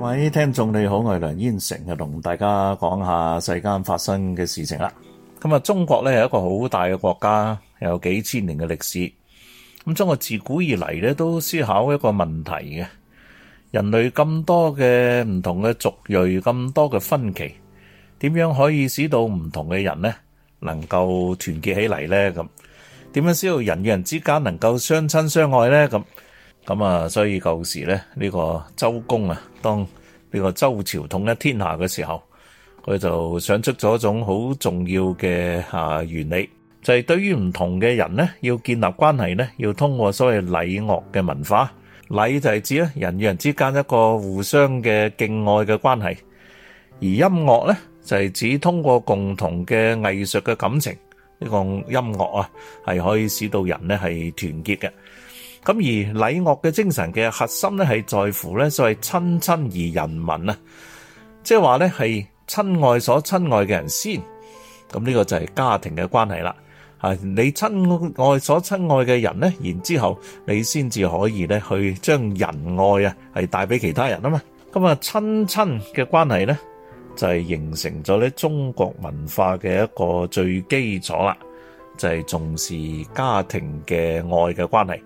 各位聽眾你好，我係梁燕城，就同大家講下世間發生嘅事情啦。咁啊，中國咧，係一個好大嘅國家，有幾千年嘅歷史。咁中國自古以嚟咧都思考一個問題嘅：人類咁多嘅唔同嘅族裔，咁多嘅分歧，點樣可以使到唔同嘅人咧能夠團結起嚟咧？咁點樣使到人與人之間能夠相親相愛咧？咁咁啊，所以舊時咧，呢個周公啊，當呢個周朝統一天下嘅時候，佢就想出咗一種好重要嘅原理，就係對於唔同嘅人呢，要建立關係呢，要通過所謂禮樂嘅文化，禮就係指咧人與人之間一個互相嘅敬愛嘅關係，而音樂呢，就係指通過共同嘅藝術嘅感情，呢個音樂啊係可以使到人呢係團結嘅。咁而禮樂嘅精神嘅核心咧，係在乎咧所謂親親而仁民啊，即係話咧係親愛所親愛嘅人先，咁、這、呢個就係家庭嘅關係啦。你親愛所親愛嘅人咧，然之後你先至可以咧去將仁愛啊係帶俾其他人啊嘛。咁啊，親親嘅關係咧就係形成咗咧中國文化嘅一個最基礎啦，就係、是、重視家庭嘅愛嘅關係。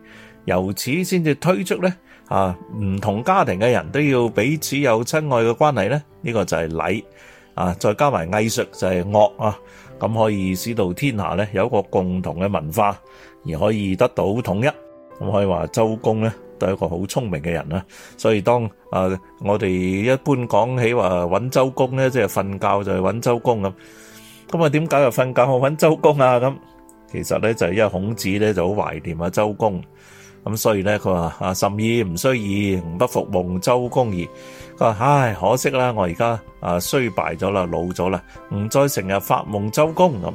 由此先至推出咧，啊，唔同家庭嘅人都要彼此有親愛嘅關係咧，呢、這個就係禮啊，再加埋藝術就係樂啊，咁、啊、可以使到天下咧有一個共同嘅文化，而可以得到統一。咁、啊、可以話周公咧都係一個好聰明嘅人啦。所以當啊，我哋一般講起話搵周公咧，即係瞓覺就係搵周公咁。咁啊，點解又瞓覺好搵周公啊？咁其實咧就係、是、因為孔子咧就好懷念啊周公。咁所以咧，佢話啊，甚矣，唔衰矣，唔不復夢周公矣。佢話：唉，可惜啦，我而家啊衰敗咗啦，老咗啦，唔再成日發夢周公咁。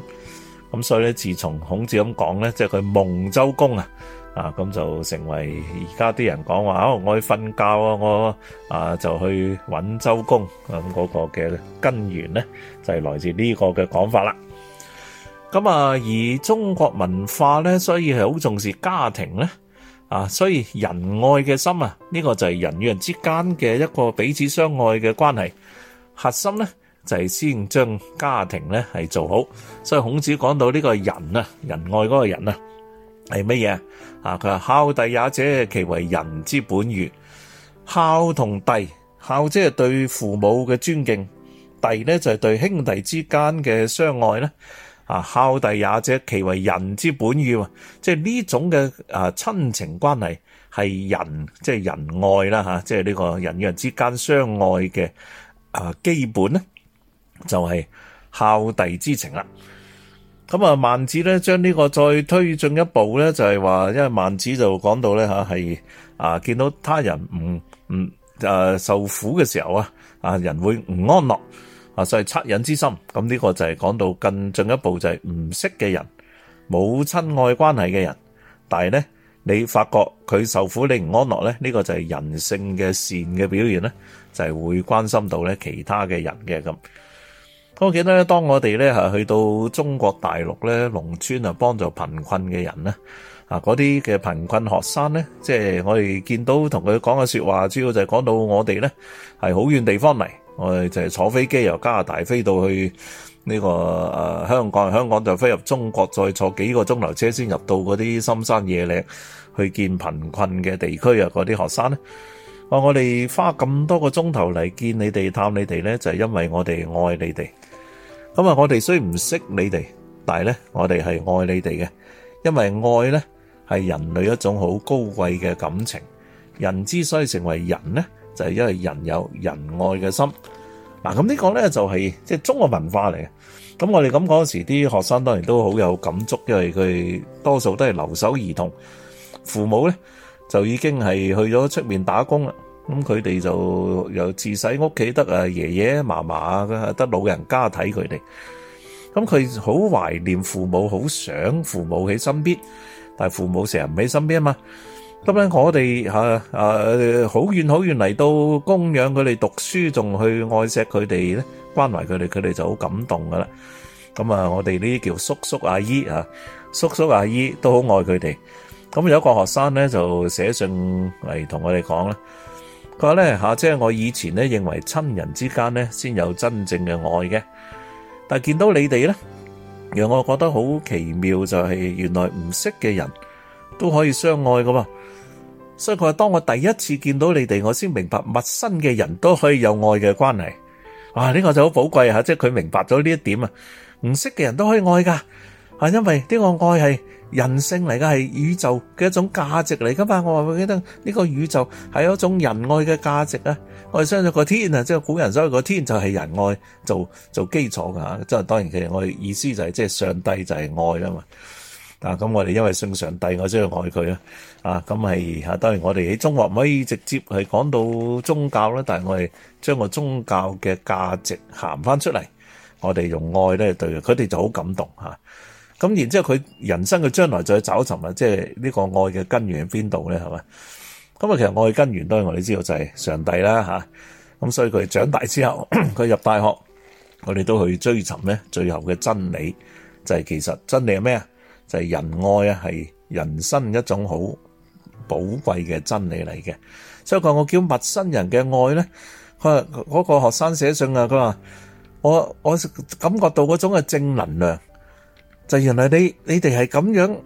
咁所以咧，自從孔子咁講咧，即係佢夢周公啊，啊咁就成為而家啲人講話，我去瞓覺啊，我啊就去揾周公咁嗰個嘅根源咧，就係來自呢個嘅講法啦。咁啊，而中國文化咧，所以係好重視家庭咧。啊，所以仁愛嘅心啊，呢、這個就係人與人之間嘅一個彼此相愛嘅關係核心呢，就係、是、先將家庭呢係做好。所以孔子講到呢個人啊，仁愛嗰個人啊係乜嘢啊？佢話孝弟也者，其為仁之本與。孝同弟，孝者係對父母嘅尊敬，弟呢，就係對兄弟之間嘅相愛呢。啊，孝弟也者，其為仁之本與，即係呢種嘅啊親情關係，係人即係仁愛啦吓，即係呢個人與人之間相愛嘅啊基本咧，就係、是、孝弟之情啦。咁啊，孟子咧將呢將這個再推進一步咧，就係話，因為孟子就講到咧吓，係啊見到他人唔唔啊受苦嘅時候啊，啊人會唔安樂。啊，所以惻隱之心，咁呢個就係講到更進一步，就係唔識嘅人，冇親愛關係嘅人，但係咧，你發覺佢受苦，你唔安樂咧，呢個就係人性嘅善嘅表現咧，就係會關心到咧其他嘅人嘅咁。我記得咧，當我哋咧係去到中國大陸咧，農村啊幫助貧困嘅人咧，啊嗰啲嘅貧困學生咧，即係我哋見到同佢講嘅説話，主要就係講到我哋咧係好遠地方嚟。我哋就係坐飛機由加拿大飛到去呢個誒香港，香港就飛入中國，再坐幾個鐘頭車先入到嗰啲深山野嶺去見貧困嘅地區啊！嗰啲學生咧，話！我哋花咁多個鐘頭嚟見你哋，探你哋咧，就係因為我哋愛你哋。咁啊，我哋雖然唔識你哋，但係咧，我哋係愛你哋嘅，因為愛咧係人類一種好高貴嘅感情。人之所以成為人咧，就係因為人有仁愛嘅心，嗱咁呢個咧就係即係中國文化嚟嘅。咁我哋咁陣時，啲學生當然都好有感觸，因為佢多數都係留守兒童，父母咧就已經係去咗出面打工啦。咁佢哋就由自細屋企得啊爺爺嫲嫲啊，得老人家睇佢哋。咁佢好懷念父母，好想父母喺身邊，但係父母成日唔喺身邊啊嘛。咁咧，我哋嚇誒好遠好遠嚟到供養佢哋讀書，仲去愛錫佢哋咧，關懷佢哋，佢哋就好感動噶啦。咁啊，我哋呢啲叫叔叔阿姨啊，叔叔阿姨都好愛佢哋。咁有一個學生咧，就寫信嚟同我哋講咧，佢話咧嚇，即係我以前咧認為親人之間咧先有真正嘅愛嘅，但見到你哋咧，讓我覺得好奇妙，就係原來唔識嘅人都可以相愛噶嘛。所以佢話：當我第一次見到你哋，我先明白陌生嘅人都可以有愛嘅關係。啊呢、呢個就好寶貴吓、啊，即係佢明白咗呢一點啊。唔識嘅人都可以愛噶，係、啊、因為呢個愛係人性嚟噶，係宇宙嘅一種價值嚟噶嘛。我話我記得呢個宇宙係一種仁愛嘅價值啊。我哋相信個天啊，即係古人所謂個天就係仁愛做做基礎噶。即係當然，其實我哋意思就係、是、即係上帝就係愛啊嘛。咁、啊，我哋因為信上帝，我真係愛佢啦。啊，咁係吓，當然我哋喺中學唔可以直接係講到宗教啦，但係我哋將個宗教嘅價值行翻出嚟，我哋用愛咧對佢，佢哋就好感動吓。咁、啊、然之後佢人生嘅將來再找尋啦，即係呢個愛嘅根源喺邊度咧？係嘛？咁、嗯、啊，其實愛嘅根源當然我哋知道就係上帝啦吓。咁、啊、所以佢長大之後，佢 入大學，我哋都去追尋咧，最後嘅真理就係、是、其實真理係咩啊？就係、是、仁愛啊，係人生一種好寶貴嘅真理嚟嘅。所以講我叫陌生人嘅愛咧，佢嗰、那個學生寫信啊，佢話：我我感覺到嗰種嘅正能量，就原來你你哋係咁樣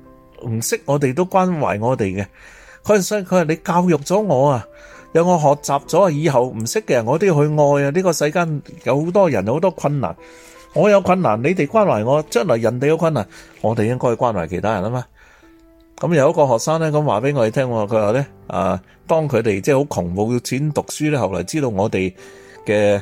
唔識我哋都關懷我哋嘅。佢話：所以佢你教育咗我啊，有我學習咗以後唔識嘅，人，我都要去愛啊！呢、這個世間有好多人有好多困難。我有困難，你哋關懷我，將來人哋有困難，我哋應該關懷其他人啊嘛。咁有一個學生咧，咁話俾我哋聽，佢話咧，啊，當佢哋即係好窮冇錢讀書咧，後來知道我哋嘅。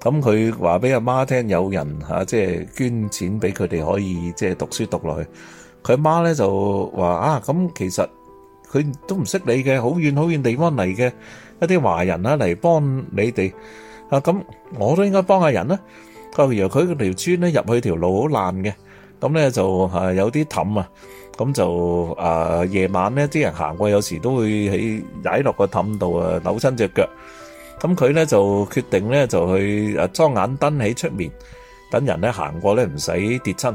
咁佢話俾阿媽聽，有人嚇，即係捐錢俾佢哋可以即係讀書讀落去。佢阿媽咧就話啊，咁其實佢都唔識你嘅，好遠好遠地方嚟嘅一啲華人啊，嚟幫你哋啊。咁我都應該幫下人啦。佢話原來佢條村咧入去條路好爛嘅，咁咧就係有啲氹啊，咁就啊夜晚咧啲人行過，有時都會喺踩落個氹度啊扭親隻腳。咁佢咧就決定咧就去誒裝眼燈喺出面，等人咧行過咧唔使跌親。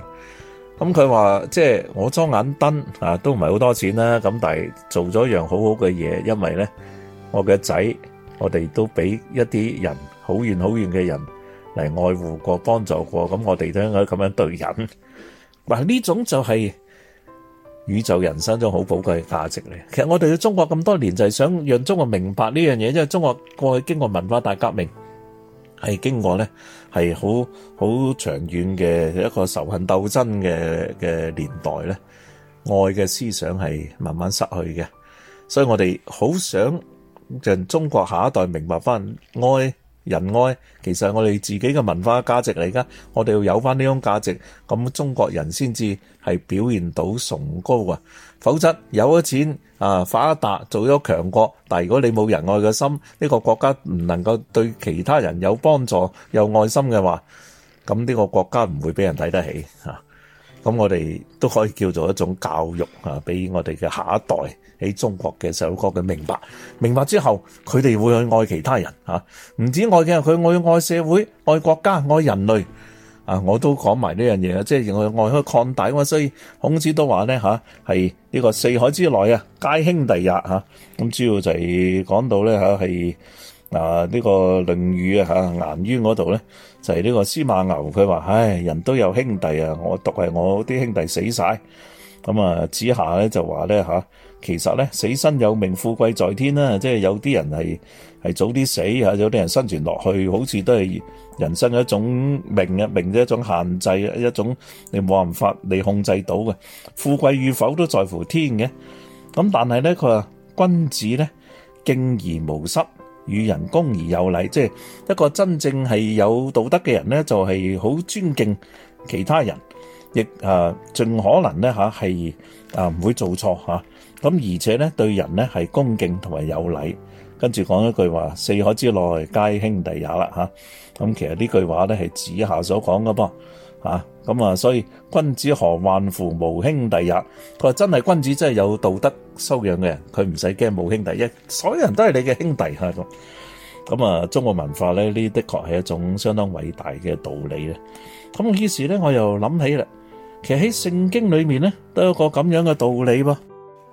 咁佢話：即係我裝眼燈啊，都唔係好多錢啦。咁但係做咗一樣好好嘅嘢，因為咧我嘅仔，我哋都俾一啲人好遠好遠嘅人嚟愛護過、幫助過。咁我哋都應該咁樣對人，嗱呢種就係。宇宙人生中好寶貴嘅價值嚟，其實我哋喺中國咁多年就係想讓中國明白呢樣嘢，因為中國過去經過文化大革命，係經過咧係好好長遠嘅一個仇恨鬥爭嘅嘅年代咧，愛嘅思想係慢慢失去嘅，所以我哋好想讓中國下一代明白返愛。仁愛其實係我哋自己嘅文化價值嚟噶，我哋要有翻呢種價值，咁中國人先至係表現到崇高啊！否則有咗錢啊發達做咗強國，但如果你冇仁愛嘅心，呢個國家唔能夠對其他人有幫助、有愛心嘅話，咁呢個國家唔會俾人睇得起吓。啊咁我哋都可以叫做一種教育啊，俾我哋嘅下一代喺中國嘅首歌嘅明白，明白之後佢哋會去愛其他人嚇，唔、啊、止愛嘅佢愛要愛社會、愛國家、愛人類啊！我都講埋呢樣嘢啊，即係愛佢愛去擴大嘛。所以孔子都話咧嚇係呢、啊、個四海之內啊，皆兄弟也嚇。咁、啊、主要就係講到咧嚇係。啊嗱、啊，呢、這個《論語》啊，嚇顏淵嗰度咧，就係、是、呢個司馬牛佢話，唉、哎，人都有兄弟啊，我獨係我啲兄弟死晒。咁啊。子夏咧就話咧、啊、其實咧死生有命，富貴在天啦、啊。即係有啲人係係早啲死、啊、有啲人生存落去好似都係人生一種命嘅命嘅一種限制啊，一種你冇辦法你控制到嘅富貴與否都在乎天嘅。咁、啊、但係咧，佢話君子咧敬而無失。與人恭而有禮，即係一個真正係有道德嘅人咧，就係好尊敬其他人，亦啊盡可能咧嚇，係啊唔會做錯嚇，咁而且咧對人咧係恭敬同埋有禮，跟住講一句話：四海之內皆兄弟也啦嚇。咁其實呢句話咧係子夏所講㗎噃。吓咁啊！所以君子何患乎無兄弟也？佢話真係君子，真係有道德修養嘅人，佢唔使驚冇兄弟，因為所有人都係你嘅兄弟吓咁。咁啊，中國文化咧呢的確係一種相當偉大嘅道理咧。咁於是咧，我又諗起啦，其實喺聖經裏面咧都有個咁樣嘅道理噃，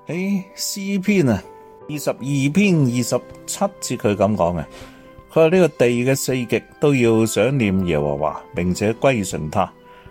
喺詩篇啊二十二篇二十七節佢咁講嘅，佢話呢個地嘅四極都要想念耶和華，並且歸順他。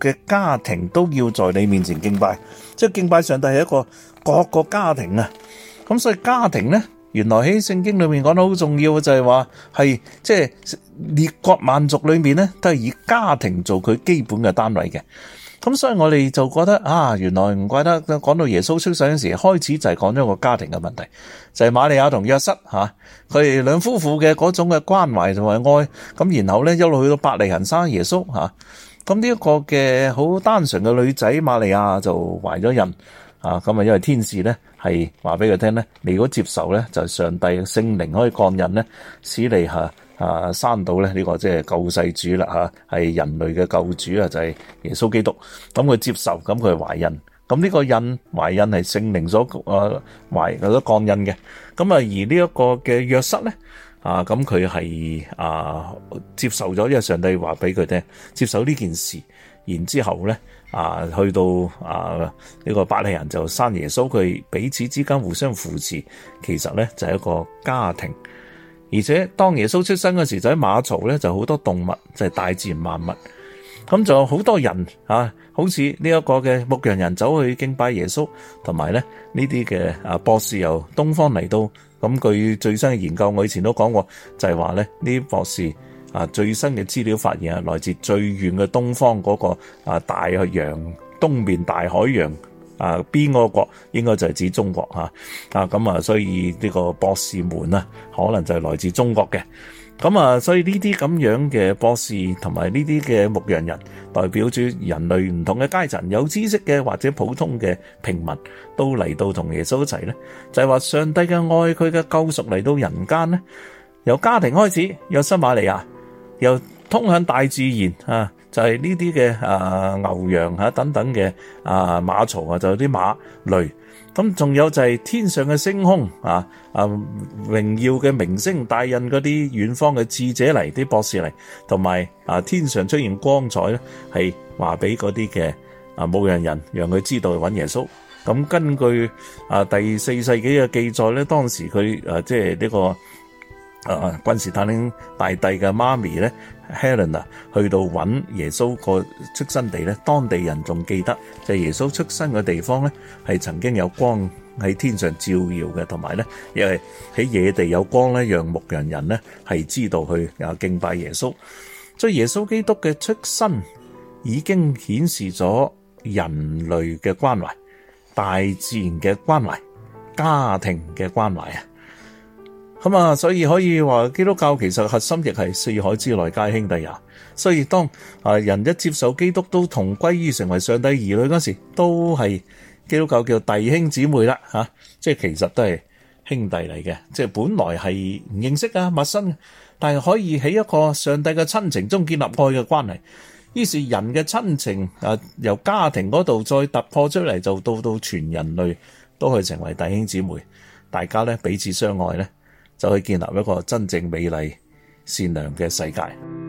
嘅家庭都要在你面前敬拜，即係敬拜上帝係一個各個家庭啊，咁所以家庭咧，原來喺聖經裏面講得好重要嘅，就係話係即係列國萬族裏面咧都係以家庭做佢基本嘅單位嘅，咁所以我哋就覺得啊，原來唔怪得講到耶穌出世嗰時候開始就係講咗個家庭嘅問題，就係瑪利亞同約瑟吓，佢哋兩夫婦嘅嗰種嘅關懷同埋愛，咁然後咧一路去到伯利恒生耶穌吓。啊咁呢一個嘅，好單純嘅女仔瑪利亞就懷咗孕，啊，咁啊因為天使咧係話俾佢聽咧，你如果接受咧，就上帝聖靈可以降孕咧，使你吓啊生到咧呢個即係救世主啦吓，係人類嘅救主啊，就係耶穌基督。咁佢接受，咁佢懷孕，咁呢個孕懷孕係聖靈所啊懷佢所降孕嘅，咁啊而呢一個嘅約瑟咧。啊，咁佢係啊接受咗，一個上帝話俾佢聽，接受呢件事，然之後咧啊，去到啊呢、這個伯利人就生耶穌，佢彼此之間互相扶持，其實咧就係、是、一個家庭，而且當耶穌出生嘅時候，喺馬槽咧就好多動物，就係、是、大自然萬物。咁就好多人啊，好似呢一個嘅牧羊人走去敬拜耶穌，同埋咧呢啲嘅啊博士由東方嚟到。咁據最新嘅研究，我以前都講過，就係話咧呢啲博士啊最新嘅資料發現係來自最遠嘅東方嗰、那個啊大洋東面大海洋啊邊個國應該就係指中國吓啊咁啊，所以呢個博士們啊可能就係來自中國嘅。咁啊，所以呢啲咁樣嘅博士同埋呢啲嘅牧羊人，代表住人類唔同嘅階層，有知識嘅或者普通嘅平民，都嚟到同耶穌一齊咧，就係話上帝嘅愛佢嘅救贖嚟到人間咧，由家庭開始，約瑟瑪利亞，由通向大自然啊，就係呢啲嘅啊牛羊啊等等嘅啊馬槽啊，就啲馬類。咁仲有就係天上嘅星空啊！啊，榮耀嘅明星帶印嗰啲遠方嘅智者嚟，啲博士嚟，同埋啊天上出現光彩咧，係話俾嗰啲嘅啊牧羊人，讓佢知道去揾耶穌。咁、啊、根據啊第四世紀嘅記載咧，當時佢啊即係呢個。啊、呃，君士坦領大帝君士坦丁大帝嘅媽咪咧，Helen 啊，Helena，去到揾耶穌個出生地咧，當地人仲記得，就係、耶穌出生嘅地方咧，係曾經有光喺天上照耀嘅，同埋咧，因為喺野地有光咧，讓牧羊人咧係知道去啊敬拜耶穌。所以耶穌基督嘅出生已經顯示咗人類嘅關懷、大自然嘅關懷、家庭嘅關懷啊！咁啊，所以可以話基督教其實核心亦係四海之內皆兄弟啊。所以當啊人一接受基督都同歸於成為上帝兒女嗰陣時，都係基督教叫弟兄姊妹啦嚇，即係其實都係兄弟嚟嘅，即係本來係唔認識啊、陌生，但係可以喺一個上帝嘅親情中建立愛嘅關係。於是人嘅親情啊，由家庭嗰度再突破出嚟，就到到全人類都可以成為弟兄姊妹，大家咧彼此相愛咧。就可以建立一個真正美麗、善良嘅世界。